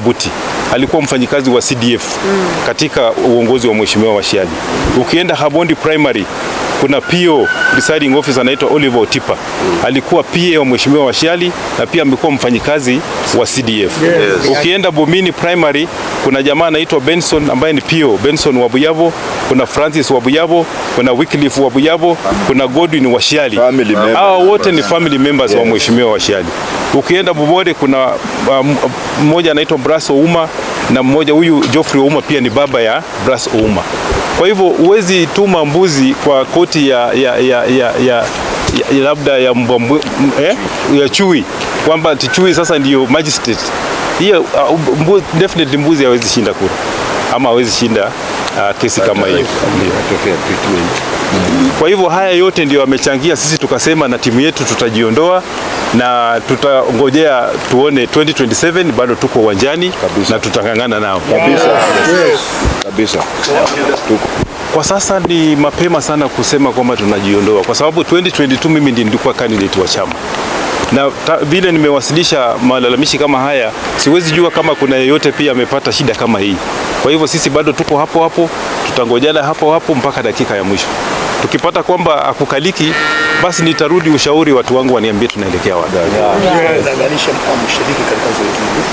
Wabuti alikuwa mfanyikazi wa CDF mm. katika uongozi wa Mheshimiwa Washiali. Ukienda Habondi Primary kuna PO presiding officer anaitwa Oliver Otipa, mm. alikuwa PA wa mheshimiwa washiali na pia amekuwa mfanyikazi wa CDF. Yes. Ukienda Bumini Primary kuna jamaa anaitwa Benson ambaye ni PO Benson wa Buyavo, kuna Francis wa Buyavo, kuna Wycliffe wa Buyavo, kuna Godwin shiali Hawa wote ni family members yes. wa mheshimiwa Washiali. Ukienda Bobore kuna um, mmoja um, anaitwa Brass Ouma na mmoja huyu Geoffrey Ouma pia ni baba ya Brass Ouma. Kwa hivyo huwezi tuma mbuzi kwa koti ya, ya, ya, ya, ya ya, labda ya, mbwa, eh, ya chui kwamba tichui sasa ndiyo magistrate hiyo. Uh, mbu, definitely mbuzi hawezi shinda kura ama hawezi shinda uh, kesi kama hiyo. Kwa hivyo haya yote ndio amechangia sisi tukasema na timu yetu tutajiondoa na tutangojea tuone 2027 bado tuko uwanjani na tutang'ang'ana nao kabisa. Yes kabisa. Kwa sasa ni mapema sana kusema kwamba tunajiondoa, kwa sababu 2022 mimi ndiye nilikuwa candidate wa chama na vile nimewasilisha malalamishi kama haya, siwezi jua kama kuna yeyote pia amepata shida kama hii. Kwa hivyo sisi bado tuko hapo hapo, tutangojana hapo hapo mpaka dakika ya mwisho tukipata kwamba akukaliki, basi nitarudi ushauri watu wangu waniambie tunaelekea wapi.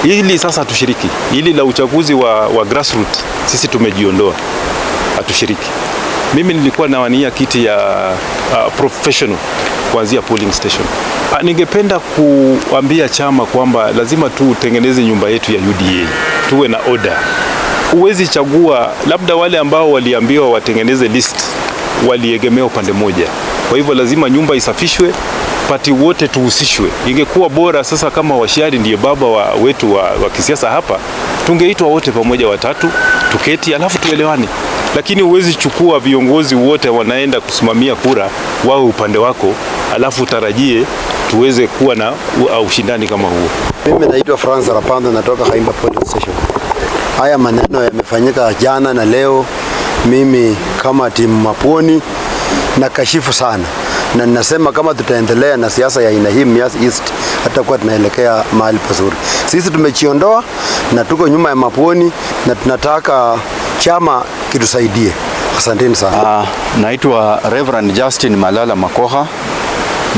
Ili sasa hatushiriki ili la uchaguzi wa, wa grassroots, sisi tumejiondoa, hatushiriki. Mimi nilikuwa nawania kiti ya uh, professional kuanzia polling station. Ah, ningependa kuambia chama kwamba lazima tutengeneze nyumba yetu ya UDA, tuwe na order. Huwezi chagua labda wale ambao waliambiwa watengeneze list waliegemea upande moja Kwa hivyo lazima nyumba isafishwe, pati wote tuhusishwe. Ingekuwa bora sasa kama Washari ndiye baba wa wetu wa, wa kisiasa hapa, tungeitwa wote pamoja watatu, tuketi alafu tuelewane. Lakini huwezi chukua viongozi wote wanaenda kusimamia kura wao upande wako, alafu utarajie tuweze kuwa na ushindani kama huo. Mimi naitwa Francis Rapanda, natoka Haimba Police Station. Haya maneno yamefanyika jana na leo mimi kama timu Mapwoni na kashifu sana na ninasema kama tutaendelea na siasa ya aina hii Mias East hatakuwa tunaelekea mahali pazuri. Sisi tumechiondoa na tuko nyuma ya Mapwoni na tunataka chama kitusaidie. Asanteni sana. Uh, naitwa Reverend Justin Malala Makoha.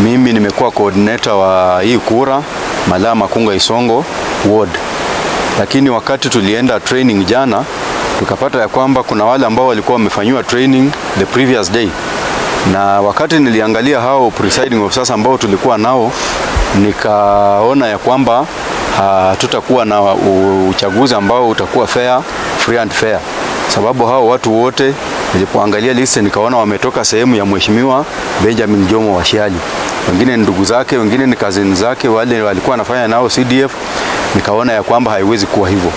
Mimi nimekuwa coordinator wa hii kura Malaa Makunga Isongo ward, lakini wakati tulienda training jana tukapata ya kwamba kuna wale ambao walikuwa wamefanyiwa training the previous day, na wakati niliangalia hao presiding officers ambao tulikuwa nao, nikaona ya kwamba ah, hatutakuwa na uchaguzi ambao utakuwa fair, free and fair, sababu hao watu wote nilipoangalia list nikaona wametoka sehemu ya Mheshimiwa Benjamin Jomo Washiali, wengine ni ndugu zake, wengine ni kazini zake, wale walikuwa wanafanya nao CDF. Nikaona ya kwamba haiwezi kuwa hivyo.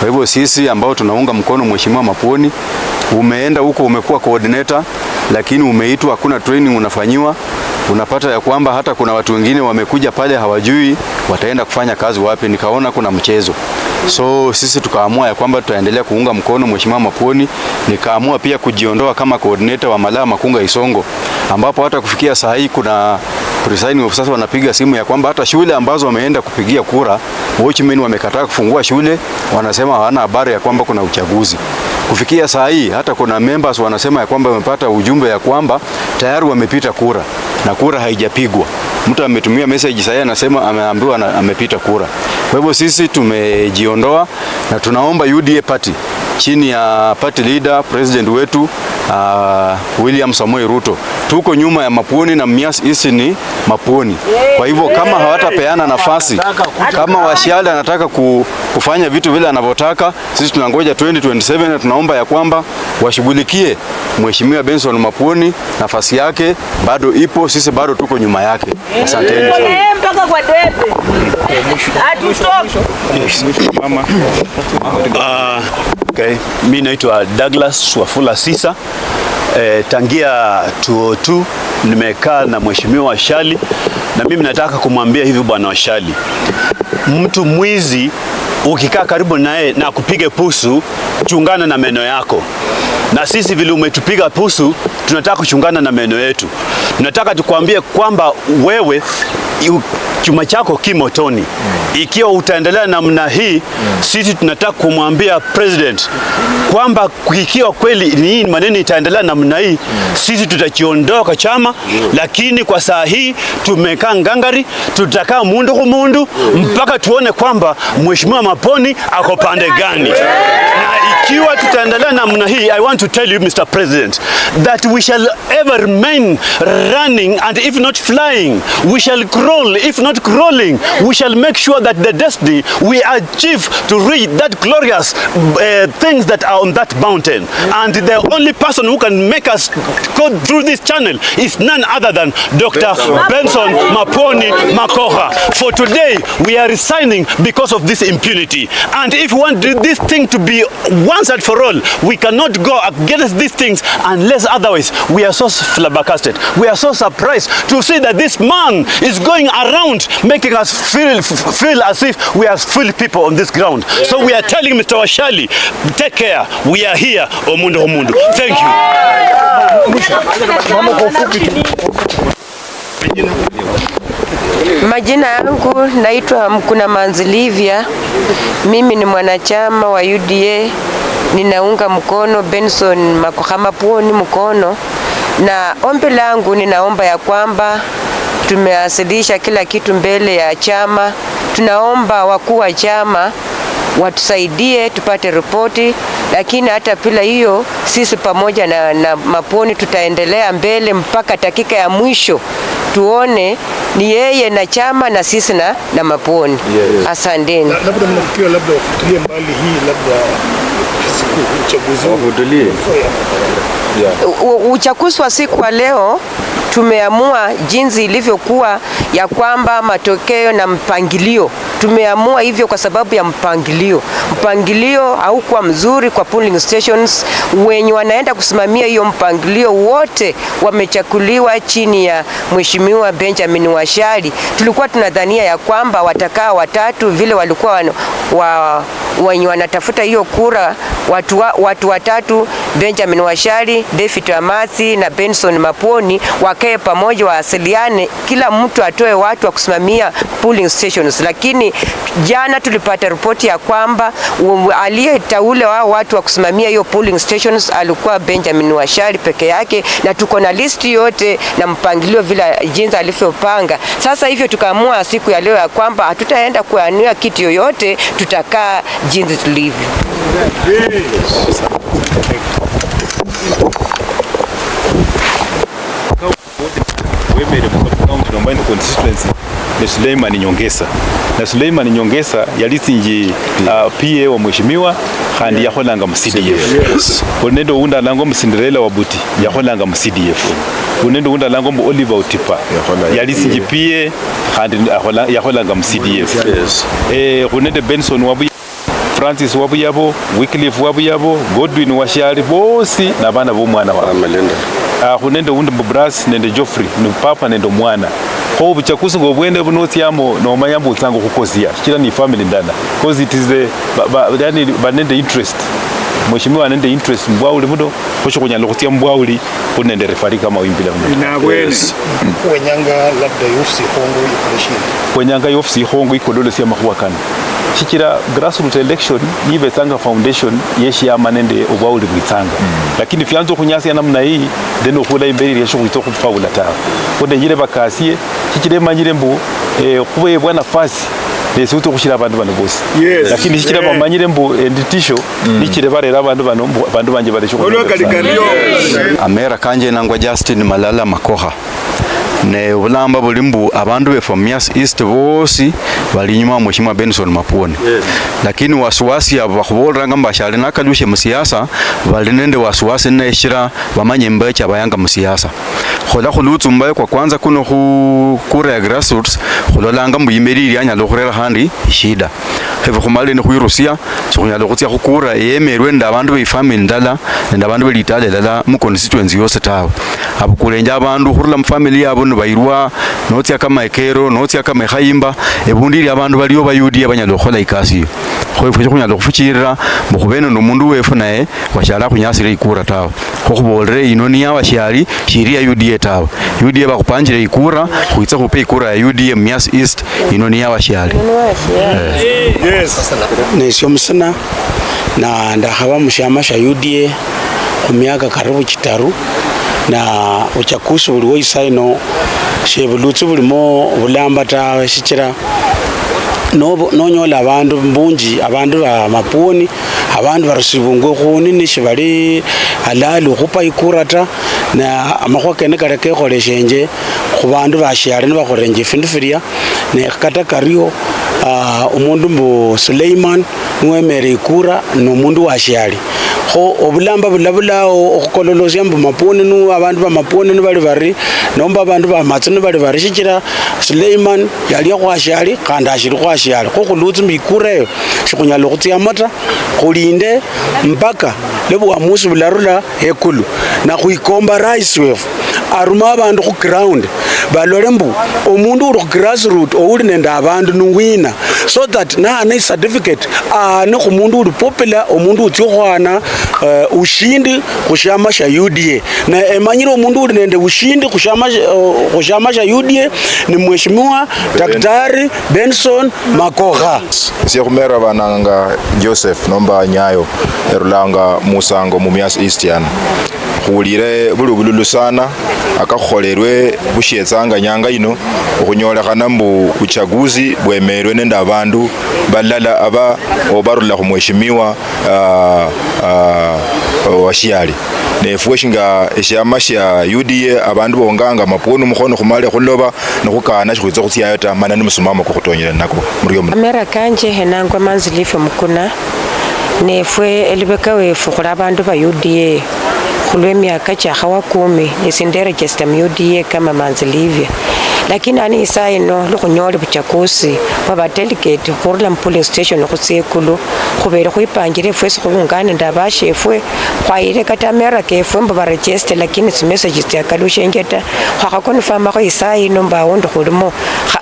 Kwa hivyo sisi ambao tunaunga mkono Mheshimiwa mapuoni umeenda huko umekuwa coordinator, lakini umeitwa, hakuna training unafanyiwa unapata ya kwamba hata kuna watu wengine wamekuja pale hawajui wataenda kufanya kazi wapi. Nikaona kuna mchezo, so sisi tukaamua ya kwamba tutaendelea kuunga mkono Mheshimiwa Mapuoni, Nikaamua pia kujiondoa kama coordinator wa Malaa Makunga Isongo, ambapo hata kufikia saa hii kuna presiding sasa wanapiga simu ya kwamba hata shule ambazo wameenda kupigia kura watchmen wamekataa kufungua shule, wanasema hawana habari ya kwamba kuna uchaguzi. Kufikia saa hii hata kuna members wanasema ya kwamba wamepata ujumbe ya kwamba tayari wamepita kura na kura haijapigwa. Mtu ametumia message sasa, anasema ameambiwa amepita kura. Kwa hivyo sisi tumejiondoa na tunaomba UDA party chini ya party leader president wetu uh, William Samoei Ruto. Tuko nyuma ya Mapuoni na Mias hisi ni Mapuoni. Kwa hivyo kama hawatapeana nafasi, kama Washiali anataka kufanya vitu vile anavyotaka, sisi tunangoja 2027 na tunaomba ya kwamba washughulikie Mheshimiwa Benson Mapuoni, nafasi yake bado ipo, sisi bado tuko nyuma yake. Asanteni Mpaka kwa debe. Mama. Ah, okay, mimi naitwa Douglas Wafula Sisa. E, tangia tu nimekaa na Mheshimiwa Shali na mimi nataka kumwambia hivi Bwana Shali, mtu mwizi ukikaa karibu naye na kupige pusu, chungana na meno yako. Na sisi vile umetupiga pusu, tunataka kuchungana na meno yetu. Tunataka tukwambie kwamba wewe chuma chako kimotoni. Ikiwa utaendelea namna hii, sisi tunataka kumwambia president kwamba ikiwa kweli ni hii maneno itaendelea namna hii, sisi tutakiondoka chama. Lakini kwa saa hii tumekaa ngangari, tutakaa mundu kumundu mpaka tuone kwamba mheshimiwa maponi ako pande gani? Na ikiwa tutaendelea namna hii, I want to tell you Mr. President that we shall ever remain running and if not flying we shall crawl if not crawling we shall make sure that the destiny we achieve to reach that glorious uh, things that are on that mountain and the only person who can make us go through this channel is none other than Dr. Benson Maponi Makoha. For today we are resigning because of this impunity unity. And if we want this thing to be once and for all, we cannot go against these things unless otherwise we are so flabbergasted. We are so surprised to see that this man is going around making us feel feel as if we are full people on this ground. Yeah. So we are telling Mr. Washali, take care. We are here. Omundo Omundo. Thank you. Majina yangu naitwa Mkuna Manzilivia, mimi ni mwanachama wa UDA, ninaunga mkono Benson Makohama Puoni mkono, na ombi langu ninaomba ya kwamba tumeasilisha kila kitu mbele ya chama. Tunaomba wakuu wa chama watusaidie tupate ripoti, lakini hata bila hiyo sisi pamoja na, na maponi tutaendelea mbele mpaka dakika ya mwisho tuone ni yeye na chama na sisi na, na maponi yeah, yeah. Asanteni. Labda mkiwa labda wafutulie mbali hii labda uchaguzi wa siku wa leo tumeamua jinsi ilivyokuwa ya kwamba matokeo na mpangilio tumeamua hivyo kwa sababu ya mpangilio. Mpangilio haukuwa mzuri kwa polling stations. Wenye wanaenda kusimamia hiyo mpangilio wote wamechakuliwa chini ya Mheshimiwa Benjamin Washali. Tulikuwa tunadhania ya kwamba watakaa watatu vile walikuwa wa, wa wenye wanatafuta hiyo kura watu, wa, watu watatu Benjamin Washari, David Amasi na Benson Maponi wakae pamoja, waasiliane, kila mtu atoe watu wa kusimamia polling stations. Lakini jana tulipata ripoti ya kwamba um, aliyetaule wao watu wa kusimamia hiyo polling stations alikuwa Benjamin Washari peke yake, na tuko na listi yote na mpangilio vile jinsi alivyopanga. Sasa hivyo tukaamua siku ya leo ya kwamba hatutaenda kuania kiti yoyote, tutakaa jinsi tulivyo. Suleiman Nyongesa na Suleiman Nyongesa yalisinji uh, PA wa mheshimiwa kandi yakholanga mu CDF unende undalanga mu Cinderella wabuti mm. yakholanga mu CDF unende undalanga mu Oliver Utipa yalisinji PA handi yakholanga mu CDF eh unende Benson Wabuti Francis wabuyabo Wycliffe wabuyabo Godwin washari bosi na bana bomwana wa Melinda ahu nende undi mubras nende joffrey ni papa nende mwana ko buchakusi ngo bwende bunotyamo no mayambo utsango kukozia kila ni family ndana because it is the yani banende interest mheshimiwa nende interest mbwauli muno posho kunyala kutia mbwauli kunende refari kama wimbila muno nabwene kwenyanga labda yofsi hongo ikoleshi kwenyanga yofsi hongo ikodole sia makuwa kana chikira grassroots election nibe Tanga Foundation yeshiyamane nde obwawuli bwitsanga mm. lakini vyanzo khunyasia namna hii deno khula imberi yesho khwitsa khufawula tawe khundenyile bakasie shikira emanyile mbu eh, khubebwa nafasi nesiutsa khushira abandu bano bosi yes. lakini shikira yeah. bamanyile mbu enditisho eh, mm. nichire barera abandu bano bandu banje balesho amera kanje nangwa Justin Malala Makoha ne obulamba buli mbu abandu be from east bosi bali nyuma mheshimiwa Benson Mapwoni yeah. Lakini wasiwasi abo bakhubolanga mbashali nakalushe musiyasa bali nende wasiwasi shira bamanye mbecha bayanga musiyasa khola khulutsu mbaye kwa kwanza kuno khu kura ya grassroots khulolanga mbu imeli ilyanyala khurera handi shida hefe khumale ni khwirusia sikhunyala khutsia khukura yemerwe nende abandu beifamily ndala nende abandu belitala lala mu constituency yose tawe abukulenja abandu khurula mufamily yabo John bairwa notya kama ekero notya kama ekhayimba ebundili abandu baliyo bayudiya banyala khukhola ikasi iyo khwefwe khunyala khufuchirira mukhubene nomundu wefu naye washala khunyasile ikura tawe khukhubolere ino niya washali shiri ya UDA tawe UDA bakhupanjile ikura khwitse khupe ikura ya UDA Mumias East ino niya washali nesyo eh. musina na ndakhaba mushama sha UDA khumiaka karibu chitaru na uchakusi buli woisaino shebulutsi bulimo bulamba tawe shichira nonyola abandu mbunji abandu ba mapwoni abandu barusibungwe khuni nishibali halali okhupa ikura ta na amakhwa kene kali kekholeshenje khubandu bashare nibakhorenje findu filya nekata kario uh, umundu mbu suleiman niwemere ikura nomundu washali kho obulamba bulabulawo okhukololosya mbu mapwoni nu abandu bamapwoni nibali bari nomba abandu bamatsi nibali bari shichira suleiman yali khwashyali khandi ashili khwashyali kho khulutsi mbu ikureyo sikhunyala khutsyamo ta khulinde mpaka lebuamusi bularula ekulu na khwikomba rais wefu aruma abandu khu ground balole mbu omundu uli grassroot ouli nende abandu niwina so that naane icertificate aane khumundu uli popular omundu utsi khwana uh, ushindi khushama sha uda na emanyire omundu uli nende ushindi khushama, uh, sha eh, uda ni mheshimiwa daktari benson makoha esye khumera bananga joseph nomba nyayo erulanga musango mumias eastian khulile bulubululu sana akakhuholerwe bushetsanga nyanga yino okhunyolekhana mbu buchaguzi bwemerwe nende abandu balala aba obarula khumweshimiwa washiali nefwe shinga eshama sha uda abandu bonganga mapwoni mukhono khumale khuloba nekhukana shikhwitsa khutsyayo ta mana nimusimamo kokhutonyela nako amera kanje henangwa manzilife mukuna nefwe elubeka wefu khuli abandu ba uda khulwa emyaka kyakhawakumi kumi kya muda kama manzilivya lakini ani isaa ino lukhunyoole vuchaguzi bwa delegate khurula mupooling station khutsia ekulu khuvele khwipanjire fwesi khungane nende abashefwe khwayile kata mera kefwe mbu varejeste lakini tsimeseji tsyakalushenje ta khwakhakonfamakho isaa ino mbu awundi khulimo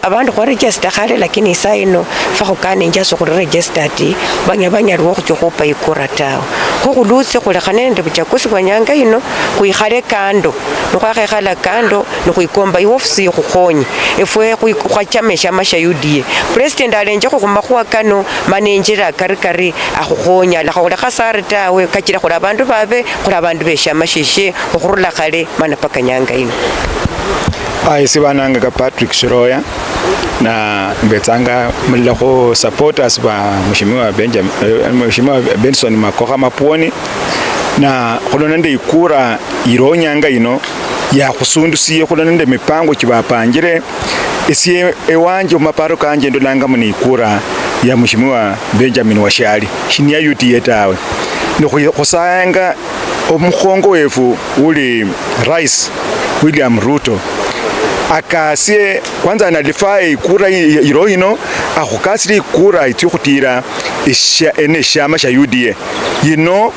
abandu khwarejesta khale lakini isaa ino fakhukaninja asi khuriregesta ati banyaliwo khutsa khupa ikura tawe khokhulutse khulekhane nende vuchaguzi bwa nyanga ino kwikhale kando nikhwakhekhala kando nikhwikomba iwofisi ikhukhonye amanyi efwe khwachama eshama sha UDA president alenjekho khumakhuwa kano manenjera kari kari akhukhonya lakhaole tawe kachira khuli abandu babe khuli abandu beshama shishe okhurula khale mana paka nyanga ino ayisi e bananga ka Patrick Shiroya na mbetsanga mulilakho supporters ba mheshimiwa Benjamin eh, mheshimiwa Benson makokha Mapwoni na khulonda nende ikura ironyanga ino yakusundusiye khula nende mipango chibapangile esye ewanje mumaparo kanje ndolangamo nikura ya mheshimiwa Benjamin Washali shinia UDA tawe nikhusayanga omukhongo wefu uli Rais William Ruto akasye kwanza analifaa ikura iro ino akhukasile ikura itsi khutira ene shama sha UDA yino